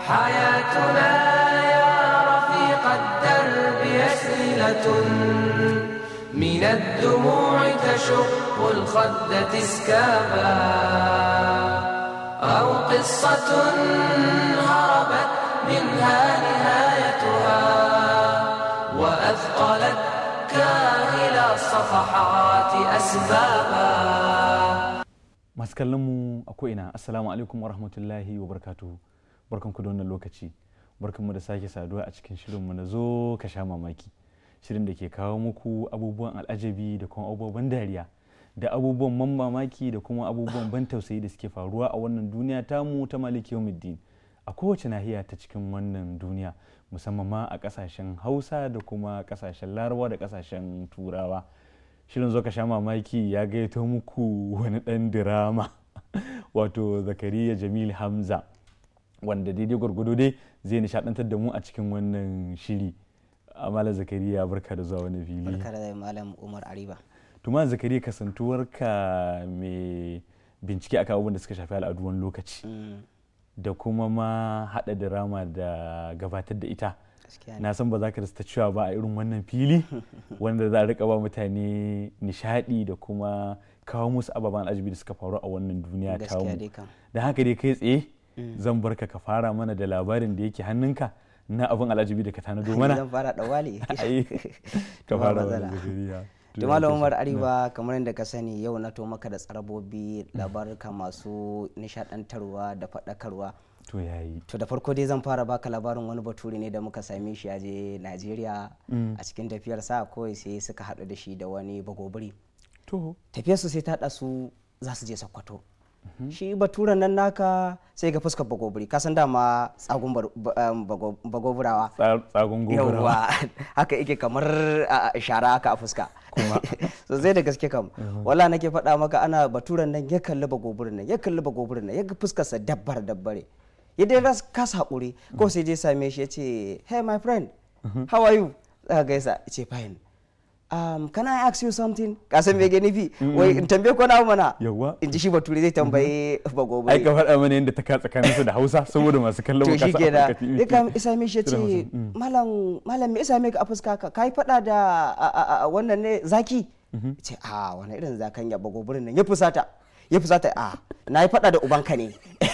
حياتنا يا رفيق الدرب أسئلة من الدموع تشق الخد تسكابا أو قصة هربت منها نهايتها وأثقلت كاهل الصفحات أسبابا ما تكلموا أكوئنا السلام عليكم ورحمة الله وبركاته barkanku da wannan lokaci barkan mu da sake saduwa a cikin shirinmu na zo ka sha mamaki shirin da ke kawo muku abubuwan al'ajabi da kuma abubuwan dariya da abubuwan man mamaki da kuma abubuwan ban tausayi da suke faruwa a wannan duniya tamu ta maliki yawmiddin a kowace nahiya ta cikin wannan duniya musamman ma a kasashen hausa da kuma kasashen larabawa da kasashen turawa shirin zo ka sha mamaki ya gaito muku wani dan dirama wato zakariya jamil hamza wanda daidai gwargwado dai zai nishadantar da mu a cikin wannan shiri amala zakariya barka da zuwa wani fili barka da malam umar ariba tuma zakariya kasantuwar ka mai bincike a abubuwan da suka shafi al'adu wani lokaci mm. da kuma ma hada rama da gabatar da ita na san ba za ka rasta cewa ba a irin wannan fili wanda za a rika ba mutane nishadi da kuma kawo musu ababen ajibi da suka faru a wannan duniya ta mu da haka dai kai tsaye Eh. zan barka ka fara mana da labarin da yake hannunka na abin alajibi da ka tanado mana zan fara wale ka fara da zakariya umar arewa kamar yadda ka sani yau na to maka da tsarabobi mm. labaruka masu nishadantarwa da faɗakarwa to yayi to da farko dai zan fara baka labarin wani bature ne da muka same shi a je Najeriya mm. a cikin tafiyar sa kawai sai suka hadu da shi da wani bagobiri to tafiyar su sai ta su za su je Sokoto shi baturan nan naka sai ga fuskar bagoburi kasan dama tsagun um, bagoburawa tsagun goburawa haka ike kamar shara haka a fuska so zai da gaske kam wala nake faɗa maka ana baturan nan ya kalli bagoburin nan ya kalli bagoburin nan ya ga fuskarsa dabbar dabbare ya dai kasa haƙuri ko mm. sai je same shi ya ce hey my friend mm-hmm. how are you za gaisa ce fine um, can I ask you something ka san me gani fi mm. wai in tambaye ko na mana yawa in ji shi bature zai tambaye mm-hmm. bagobure ai ka faɗa mana yadda ta ka tsakanin su da Hausa saboda masu kallon mu kasa Afirka TV to shikenan isa me shi ce mm. malam malam me isa me ka afuska ka kai faɗa da wannan ne zaki mm-hmm. ce a wani irin zakan ya bagoburin nan ya fusata ya fusata a na yi faɗa da ubanka ne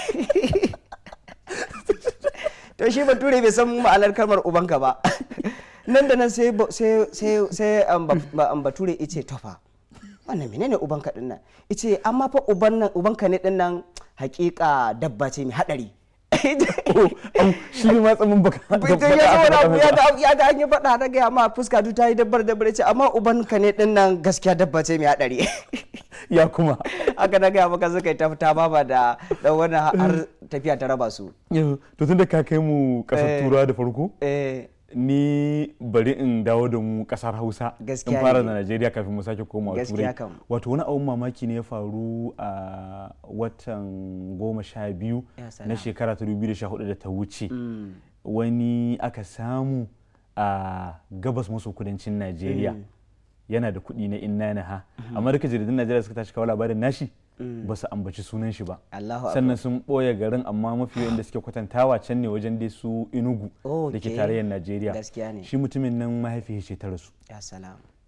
to shi bature bai san ma'anar kalmar ubanka ba nan da nan sai sai ambature ice tofa wannan menene uban ka dinnan ice amma fa uban nan uban ka ne dinnan hakika dabba ce mai hadari oh, shi ma tsamin baka ya zo wani ya da ya da an yi faɗa na gaya ma fuska du ta yi dabbar dabbar ce amma uban ka ne dinnan gaskiya dabba ce mai hadari ya kuma aka na gaya maka suka yi ta fita baba da dan wani har eh. tafiya ta raba su eh, to tunda ka kai mu kasar eh. turawa da farko eh ni bari in dawo da mu kasar hausa in fara da najeriya kafin mu sake komawa turai wato wani abun mamaki ne ya faru a watan goma sha biyu na shekara ta dubu da sha ta wuce mm. wani aka samu a gabas maso kudancin najeriya mm. yana da kudi na inna na ha mm-hmm. amma duka jaridun najeriya suka tashi kawo labarin nashi Mm. ba su ambaci sunan shi ba sannan sun ɓoye garin amma mafi yawan da suke kwatantawa can ne wajen dai su inugu da ke tarayyar najeriya shi mutumin nan ya ce ta rasu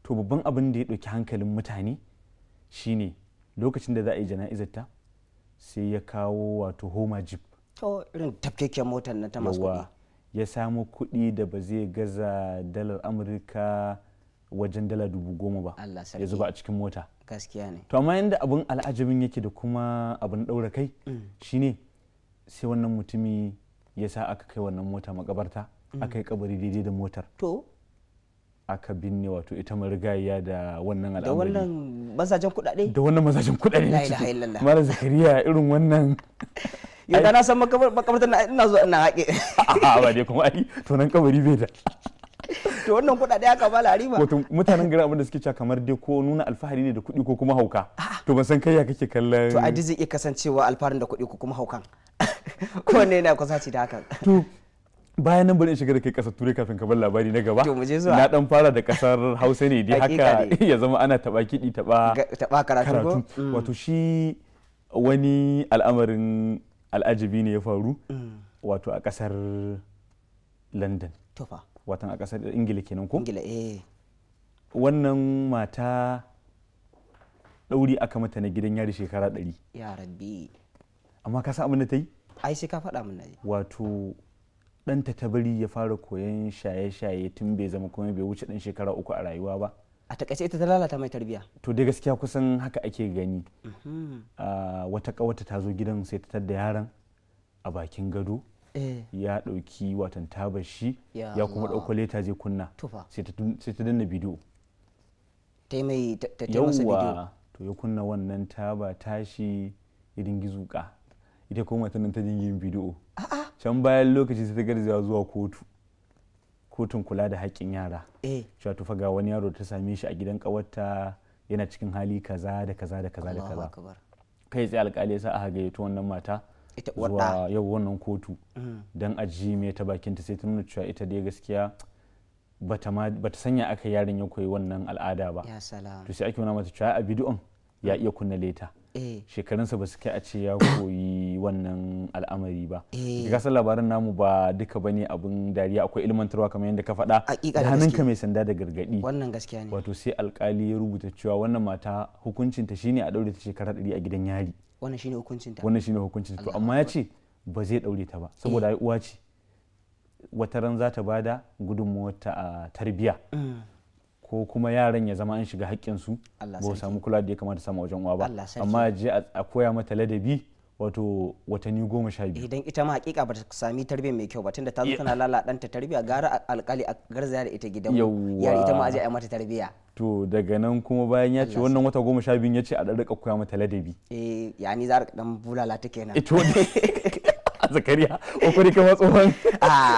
to babban abin da ya ɗauki hankalin mutane shine lokacin da za a yi jana'izar ta sai ya kawo wato homa jeep to irin tafkeken motar na ta masu ya samu kuɗi da ba zai gaza dalar amurka wajen dala dubu goma ba ya zuba a cikin mota gaskiya ne to amma yadda abin al'ajabin yake da kuma abin ɗaura kai shine sai wannan mutumi ya sa aka kai wannan mota makabarta mm. aka yi kabari daidai da motar to aka binne wato ita marigayya da wannan al'amari da wannan mazajen kudade da wannan mazajen kudade la ilaha illallah zakariya irin wannan yau da na san makabartar na ina zuwa ina haƙe a ba dai kuma ai to nan kabari bai da to wannan kudade aka ba riba wato mutanen garin abin da suke cewa kamar dai ko nuna alfahari ne da kuɗi ko kuma hauka to ban san kai ya kake kallon to a zai iya kasancewa alfaharin da kuɗi ko kuma haukan ko ne yana kusaci da hakan to bayan nan bari in shiga da kai kasar turai kafin ka bar labari na gaba na dan fara da kasar hausa ne dai haka ya zama ana taba kidi taba taba karatu mm. wato shi wani al'amarin al'ajabi ne ya faru mm. wato a kasar london watan a kasar ingila kenan ko ingila eh wannan mata ɗauri aka mata na gidan yari shekara ɗari ya rabbi amma ka san abin da ta yi ai sai ka faɗa min na wato ɗanta ta bari ya fara koyan shaye-shaye tun bai zama kuma bai wuce ɗan shekara uku a rayuwa ba a takaice ita ta lalata mai tarbiya to dai gaskiya kusan haka ake gani mhm. ah, wata kawata ta zo gidan sai ta tadda yaran a bakin gado Eh. ya ɗauki watan tabar shi ya kuma ɗauko leta zai kunna sai ta danna bidiyo yawwa to ya kunna wannan taba tashi irin gizuka ita kuma nan ta yin bidiyo can bayan lokaci sai ta garzawa zuwa kotu kotun kula da haƙƙin yara eh. cewa tufa ga wani yaro ta same shi a gidan kawarta yana cikin hali kaza da kaza da kaza da kaza kai tsaye alƙali ya sa a gayyato wannan mata ita yau wannan kotu mm. dan a me ta bakin ta sai ta nuna cewa ita dai gaskiya bata sanya aka yaron ya koyi wannan al'ada ba to sai ake nuna mata cewa a bidiyon ya mm. iya kunna leta Eh. shekarunsa ba su kai a ce ya koyi wannan al'amari ba eh. ka san labarin namu ba duka ba ne abin dariya akwai ilmantarwa kamar yadda ka faɗa da hannunka mai sanda da gargaɗi wannan gaskiya ne wato sai alkali ya rubuta cewa wannan mata hukuncinta shine a ɗaure ta shekara ɗari a gidan yari wannan shine hukuncinta wannan shine hukuncinta to amma ya ce ba zai ɗaure ta ba saboda eh. ai uwa ce wata ran za ta bada ta a tarbiya mm. ko kuma yaran ya zama an shiga haƙƙinsu ba samu kula da ya kamata samu wajen uwa ba amma je a koya mata ladabi wato watanni goma sha biyu idan ita ma hakika ba ta sami tarbiyya mai kyau ba tunda ta zo tana ta tarbiyya gara alkali a garzaya da ita gidan ya ita ma aje a mata tarbiyya to daga nan kuma bayan ya ce wannan wata goma sha biyu ya ce a ɗan rika koya mata ladabi eh yani za a dan bulala ta kenan eh, zakariya ko kuma kuma tsohon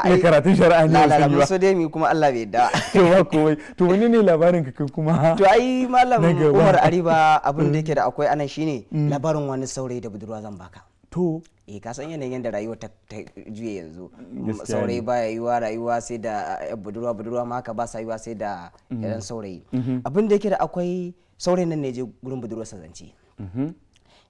mai karatun shari'a ne la ba so dai mi kuma Allah bai yadda to ba komai to wani ne labarin ka kuma to ai malam Umar Ariba abin da yake da akwai anan shine mm. Mm. labarin wani saurayi da budurwa zan baka to eh ka san yanayin da rayuwa ta juye yanzu saurayi baya wa rayuwa sai da eh, budurwa budurwa ma ka ba sa yiwa sai da yan mm-hmm. saurayi mm-hmm. abin da yake da akwai saurayin nan ne je gurin budurwa sa zance mm-hmm.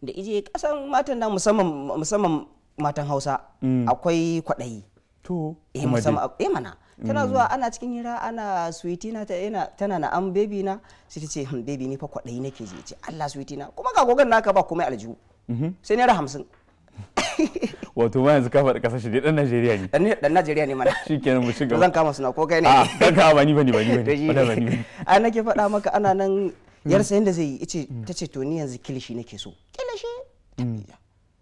da ije kasan matan na musamman matan hausa mm. akwai kwaɗayi to eh musamman eh mana tana mm. zuwa ana cikin hira ana suwiti na ta ina tana na an baby na sai ta ce hm baby ni fa kwaɗayi nake ji ce Allah suwiti na kuma ga gogon naka ba komai aljihu mm-hmm. sai naira hamsin wato ma yanzu ka faɗi ƙasar shi dan Najeriya ne dan Najeriya ne mana shikenan mu shiga zan kama suna ko kai ne a ah, ka ba ni ba ni ba ni ba ni a nake faɗa maka ana nan mm. yar sayan da zai yi ce ta ce to ni yanzu kilishi nake so kilishi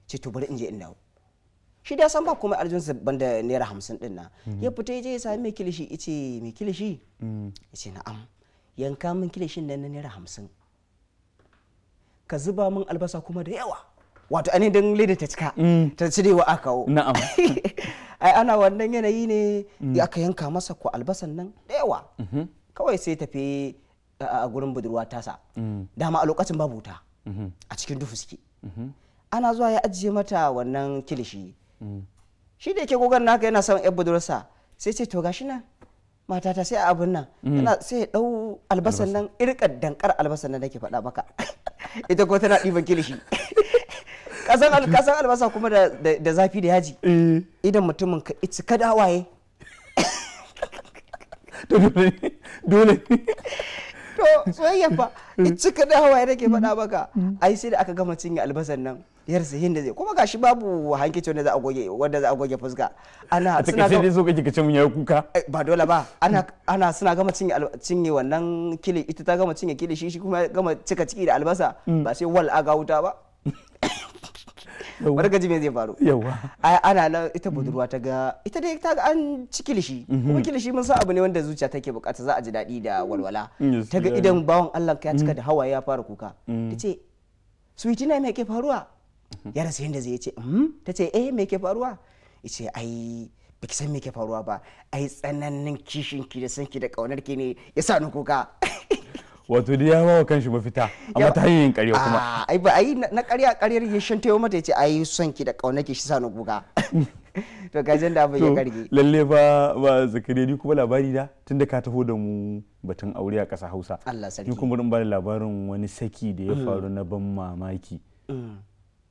ce to bari in je in dawo shi da san ba komai arjinsa banda naira hamsin din na ya fita je ya sami mai kilishi ce mai kilishi ce na'am yanka min kilishin nan na naira hamsin ka zuba min albasa kuma da yawa wato ainihin don leda ta cika ta cire wa aka na'am ai ana wannan yanayi ne aka yanka masa ko albasan nan da yawa mhm. kawai sai tafi a gurin budurwa tasa mm. dama a lokacin babu wuta mhm. a cikin dufu suke mhm. ana zuwa ya ajiye mata wannan kilishi shi da yake gogon naka yana son yan budurarsa sai ce to gashi nan matata sai a abin nan yana mm. sai ya dau albasan nan irka dankar albasan nan nake faɗa maka ita ko tana ɗiban kilishi kasan albasa kuma da zafi da yaji eh. idan mutumin ka it's kada hawaye dole to soyayya fa it's kada hawaye nake faɗa maka mm. ai sai da aka gama cinye albasan nan Yar yarsa da zai kuma gashi babu hankici wanda za a goge wanda za a goge fuska ana suna ga so kake kace mun ya kuka eh, ba dole ba ana ana suna gama cinye cinye wannan kili ita ta gama cinye kili shi shi kuma gama cika ciki da albasa mm. ba sai wal aga wuta ba gaji me zai faru yawa ana nan ita budurwa ta ga ita dai ta ga an ci kilishi mm-hmm. kuma kilishi mun san abu ne wanda zuciya take bukata za a ji daɗi da walwala mm, ta ga idan bawan Allah ya cika mm. da hawaye ya fara kuka tace sweetie na me ke faruwa yara sai yadda zai ce mm? ta ce eh me ke faruwa ce ai ki san me ke faruwa ba ai tsananin kishin ki da san ki da kaunar ki ne ya sa ni kuka wato da ya mawa kanshi mafita amma ta yin ƙarya kuma ah, ai ba ai na ƙarya ƙaryar ya tewa mata ya ce ai son ki da kaunar ki shi sa ni kuka to jin da abin ya karge lalle ba ba zakare ni kuma labari da tunda ka taho da mu batun aure a ƙasa Hausa Allah sarki ni kuma bari labarin wani saki da ya mm. faru na ban mamaki mm.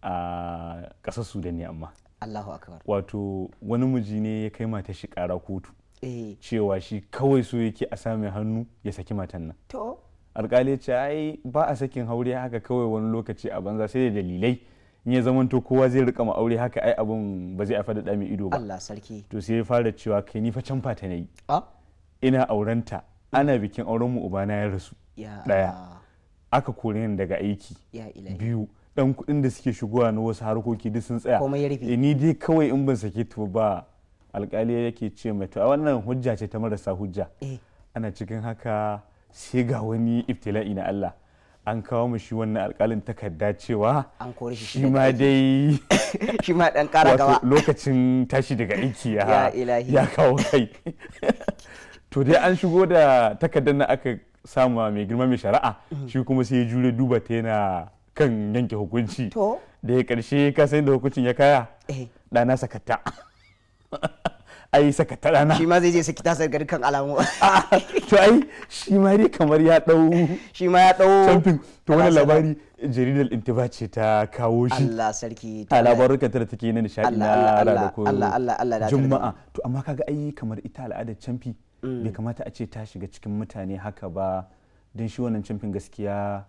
a kasar sudan ne amma allahu akbar wato wani miji ne ya kai mata shi ƙara kotu eh. cewa shi kawai so yake a same hannu ya saki matan nan to alkali ce ai ba a sakin haure haka kawai wani lokaci a banza sai da dalilai in ya zamanto kowa zai rika ma aure haka ai abun ba zai afa da mai ido ba Allah sarki to sai ya fara cewa kai ni fa can fata nayi ina aurenta ana bikin auren mu ubana ya rasu daya aka kore ni daga aiki biyu dan kuɗin da suke shigowa na wasu harkoki duk sun tsaya eh, ni dai kawai in ban sake to ba alkali yake ce mai to a wannan hujja ce ta marasa hujja eh. ana cikin haka sai ga wani iftila'i na Allah an kawo mu shi wannan alkalin takarda cewa An shi shi. ma dai shi ma dan kara gaba lokacin tashi daga aiki ya ya kawo kai to dai an shigo da takardar na aka samu mai girma mai shari'a mm-hmm. shi kuma sai ya jure duba ta yana kan yanke hukunci da ya karshe ka sai da hukuncin ya kaya eh. ɗana sakatta ai sakata ɗana. shi ma zai je saki tasar gari kan alamu ah, to ai shi ma dai kamar ya dau shi ma ya dau champion to wani labari jaridar intiba ce ta kawo shi Allah sarki ta labaruka ta take na nishadi na ranakun Allah Allah Allah juma'a to amma kaga ai kamar ita al'adar champi bai mm. kamata a ce ta shiga cikin mutane haka ba don shi wannan champion gaskiya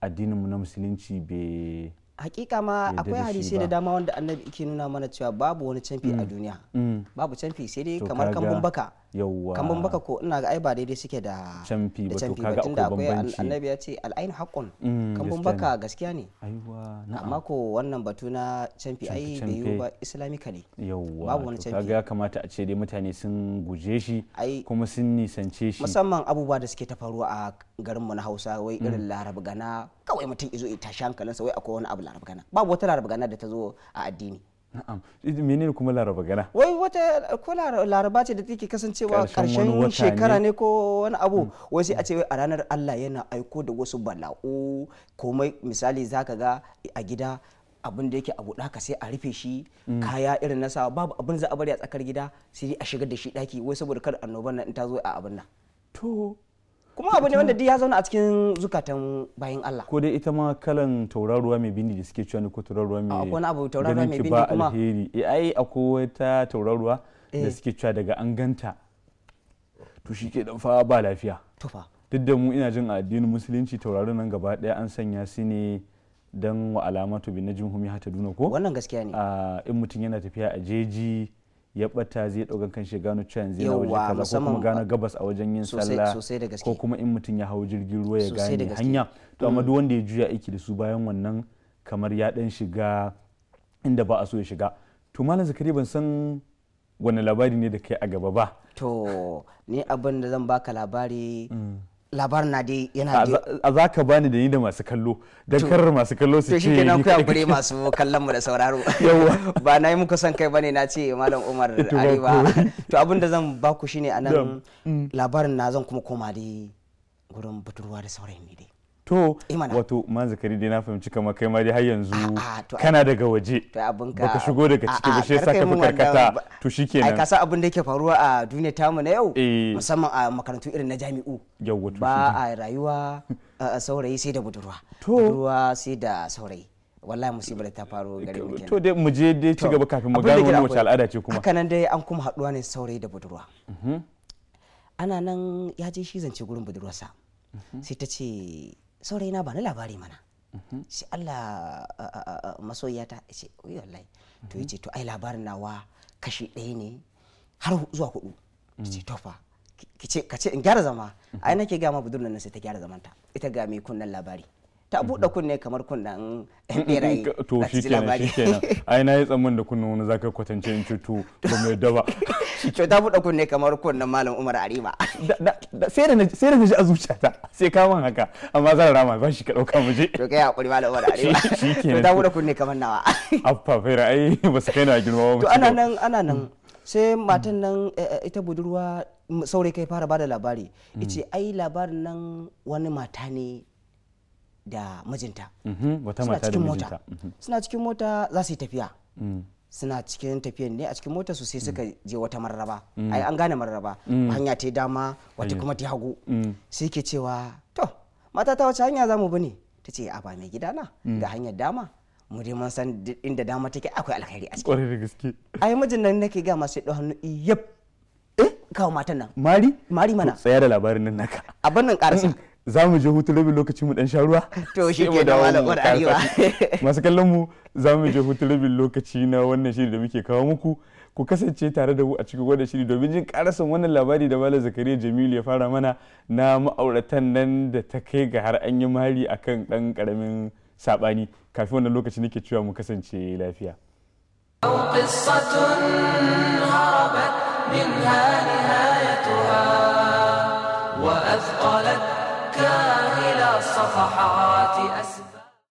addininmu na musulunci bai hakika ma akwai hadisi da dama wanda annabi ke nuna mana cewa babu wani canfi a mm. duniya mm. babu canfi sai dai kamar kambun baka yawwa kamar baka ko ina ga ai ba daidai suke da canfi ba to kaga akwai bambanci annabi ya ce al'ain haqqun mm, kamar baka gaskiya ne aiwa amma ko wannan batu na canfi ai bai yi ba islamically yawwa babu wani canfi kaga ya kamata a ce dai mutane sun guje shi kuma sun nisance shi musamman abubuwa da suke ta faruwa a garin mu na Hausa wai mm. irin Larab gana kawai mutum izo ya tashi hankalinsa wai akwai wani abu Larab gana babu wata Larab gana da ta zo a addini na'am menene kuma laraba gana wai wata ko laraba ce da take kasancewa karshen shekara ne ko wani abu mm. wai sai a ce a ranar Allah yana aiko da wasu bala'u komai misali zaka ga a gida abin da yake abu ɗaka sai a rufe shi mm. kaya irin na sa babu abin za a bari a tsakar gida sai a shigar da shi ɗaki wai saboda kar annobar nan in ta zo a abin nan to kuma abu ne wanda duk ya zauna a cikin zukatan bayan Allah ko dai ita ma kalan tauraruwa mai bindi da suke cewa ne ko tauraruwa mai akwai abu tauraruwa mai bindi kuma alheri eh ai akwai wata tauraruwa da eh. suke cewa daga an ganta to shi ke dan fa ba lafiya to fa duk da mu ina jin a addinin musulunci tauraron nan gaba daya an sanya su ne dan wa alamatu bin najmuhum ya hata duna ko wannan gaskiya ne in mutum yana tafiya a jeji ya bata zai dauka kan shi gano cewa yanzu yana kaza ko kuma gano gabas a wajen yin sallah ko kuma in mutum ya hau jirgin ruwa ya gane hanya to amma mm. duk wanda ya juya aiki da su bayan wannan kamar ya dan shiga inda ba a so ya shiga to malam zakari ban san wani labari ne da kai a gaba ba to ni abin da zan baka labari mm. labarin na dai yana da a za ka bani da ni da masu kallo don karar masu kallo su ce shi kai kuya masu kallon mu da sauraro ba na yi muku son kai bane na ce malam umar ariba to abin da zan baku shine anan labarin na zan kuma koma dai gurin buturwa da saurayi ne dai to eh, wato man zakari dai na fahimci kamar kai ma dai har yanzu kana daga waje baka shigo daga ciki ba shi yasa ka karkata to shikenan ai ka san abin da yake faruwa a duniya tamu na yau eh. musamman a makarantu irin na jami'u ba a rayuwa saurayi sai da budurwa budurwa sai da saurayi wallahi musibar ta faru gare mu to dai mu je dai ci gaba kafin mu gano wannan al'ada ce kuma haka dai an kuma haduwa ne saurayi da budurwa mhm. ana nan ya je shi zance gurin budurwarsa mhm. sai ta ce saurayina ba na labari mana mm-hmm. shi Allah masoyata ce wallahi to yace mm-hmm. to ai labarin nawa kashi ɗaya ne har zuwa hudu ce mm. to fa ka ce in gyara zama mm-hmm. ai nake ga ma budurnan sai ta gyara zamanta ita ga mai kunnan labari ta buɗe kunne kamar kunnen yan beraye to shi kenan shi kenan ai na yi tsammanin da kunnen wani zaka kwatance in cutu to mai daba to ta buɗe kunne kamar kunnen malam umar arima sai da sai ji a zuciyata sai kaman haka amma zan rama ba shi ka dauka mu je to kai hakuri malam umar arima shi kenan ta buɗe kunne kamar nawa affa fera ai ba su kai na girma ba to ana nan ana nan mm. sai matan nan eh, eh, ita budurwa saurayi kai fara bada labari mm. ita ai labarin nan wani mata ne da mijinta mhm, suna cikin mota mhm. suna cikin mota za su yi tafiya mm. suna cikin tafiyan ne a cikin mota su sai mm. suka je wata mararaba mm. ai an gane mararaba hanya ta yi dama wata kuma ta hagu sai ke cewa to mata ta wace hanya zamu bane ta ce a ba mai na. ga hanyar dama mu dai mun san inda dama take akwai alkhairi a ciki da gaske ai mijin nan nake ga masu da hannu yab eh kawo matan nan mari mari mana tsaya da labarin nan naka abin nan karasa. za mu je hutu rabin lokaci mu dan sha ruwa to shi ke da arewa masu kallon mu za mu je hutu rabin lokaci na wannan shiri da muke kawo muku ku kasance tare da mu a cikin wannan shiri domin jin karasan wannan labari da malam zakariya jamilu ya fara mana na ma'auratan nan da ta kai ga har an yi mari akan dan karamin sabani kafin wannan lokaci nake cewa mu kasance lafiya قصة نهايتها وأثقلت إلى الصفحات أسفل